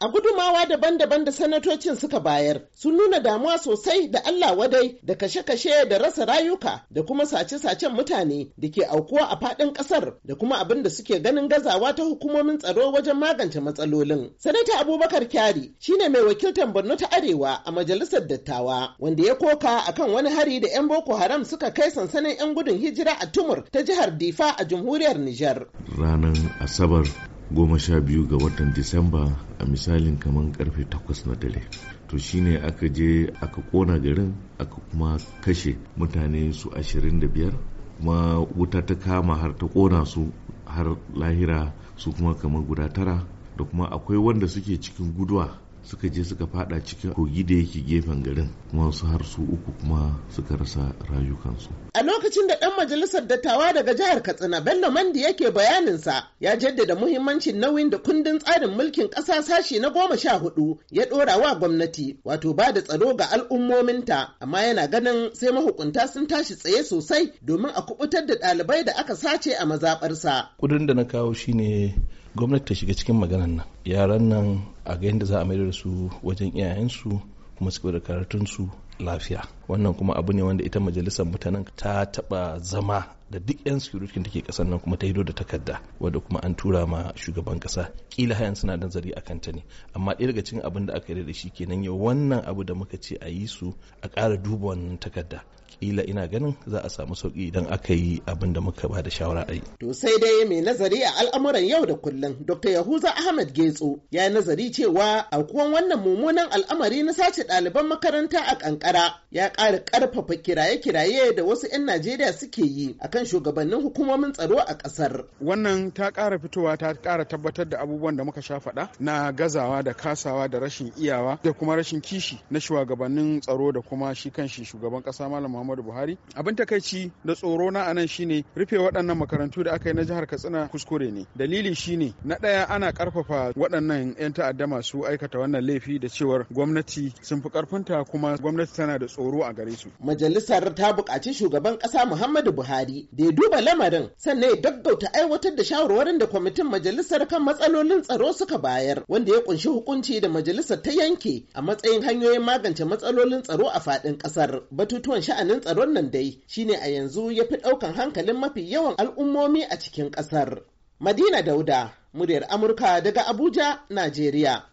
A gudumawa daban-daban da sanatocin suka bayar sun nuna damuwa sosai da Allah wadai da kashe-kashe da rasa rayuka da kuma sace-sacen mutane da ke aukuwa a faɗin ƙasar da kuma abin da suke ganin gazawa ta hukumomin tsaro wajen magance matsalolin. Sanata Abubakar Kyari shine mai wakiltar Borno ta Arewa a majalisar dattawa wanda ya koka akan wani hari da 'yan Boko Haram suka kai sansanin 'yan gudun hijira a Tumur ta jihar Difa a jamhuriyar Nijar. Ranar Asabar goma sha biyu ga watan disamba a misalin kamar karfe takwas na dare to shine aka je aka kona garin aka kuma kashe mutane su ashirin da biyar kuma wuta ta kama har ta kona su har lahira su kuma kamar guda tara da kuma akwai wanda suke cikin guduwa suka je suka fada cikin kogi da yake gefen garin kuma su har su uku kuma suka rasa rayukansu a lokacin da ɗan majalisar dattawa daga jihar katsina bello mandi yake bayaninsa ya jaddada muhimmancin nauyin da kundin tsarin mulkin ƙasa sashi na goma sha hudu ya ɗora wa gwamnati wato ba da tsaro ga al'ummominta amma yana ganin sai mahukunta sun tashi tsaye sosai domin a kubutar da ɗalibai da aka sace a mazaɓarsa. Kudin da na kawo shine gwamnati ta shiga cikin maganan nan yaran nan a ga yadda za a mayar da su wajen iyayensu kuma su da karatunsu lafiya wannan kuma abu ne wanda ita majalisar mutanen ta taba zama da duk 'yan da take kasar nan kuma ta hido da takarda wadda kuma an tura ma shugaban kasa kila hayan suna nazari a kanta ne amma ɗaya daga cikin abin da aka yi da shi kenan yau wannan abu da muka ce a yi su a ƙara duba wannan takarda kila ina ganin za a samu sauki idan aka yi abin da muka ba da shawara a yi. To sai dai mai nazari a al'amuran yau da kullum Dr. Yahuza ahmed Getso ya nazari cewa a wannan mummunan al'amari na sace ɗaliban makaranta a ƙanƙara kara ya kara ƙarfafa kiraye-kiraye da wasu 'yan Najeriya suke yi a kan shugabannin hukumomin tsaro a ƙasar. Wannan ta kara fitowa ta ƙara tabbatar da abubuwan da muka sha faɗa na gazawa da kasawa da rashin iyawa da kuma rashin kishi na shugabannin tsaro da kuma shi kanshi shugaban ƙasa Malam Muhammadu Buhari. Abin takaici da tsoro na anan shine rufe waɗannan makarantu da aka yi na jihar Katsina kuskure ne. Dalili shine na ɗaya ana karfafa waɗannan 'yan ta'adda masu aikata wannan laifi da cewar gwamnati sun fi ƙarfinta kuma gwamnati tana da tsoro a gare su. Majalisar ta buƙaci shugaban ƙasa Muhammadu Buhari da ya duba lamarin sannan ya gaggauta aiwatar da shawarwarin da kwamitin majalisar kan matsalolin tsaro suka bayar wanda ya kunshi hukunci da majalisar ta yanke a matsayin hanyoyin magance matsalolin tsaro a faɗin ƙasar. Batutuwan sha'anin tsaron nan dai shine a yanzu ya fi ɗaukan hankalin mafi yawan al'ummomi a cikin ƙasar. Madina Dauda, muryar Amurka daga Abuja, Najeriya.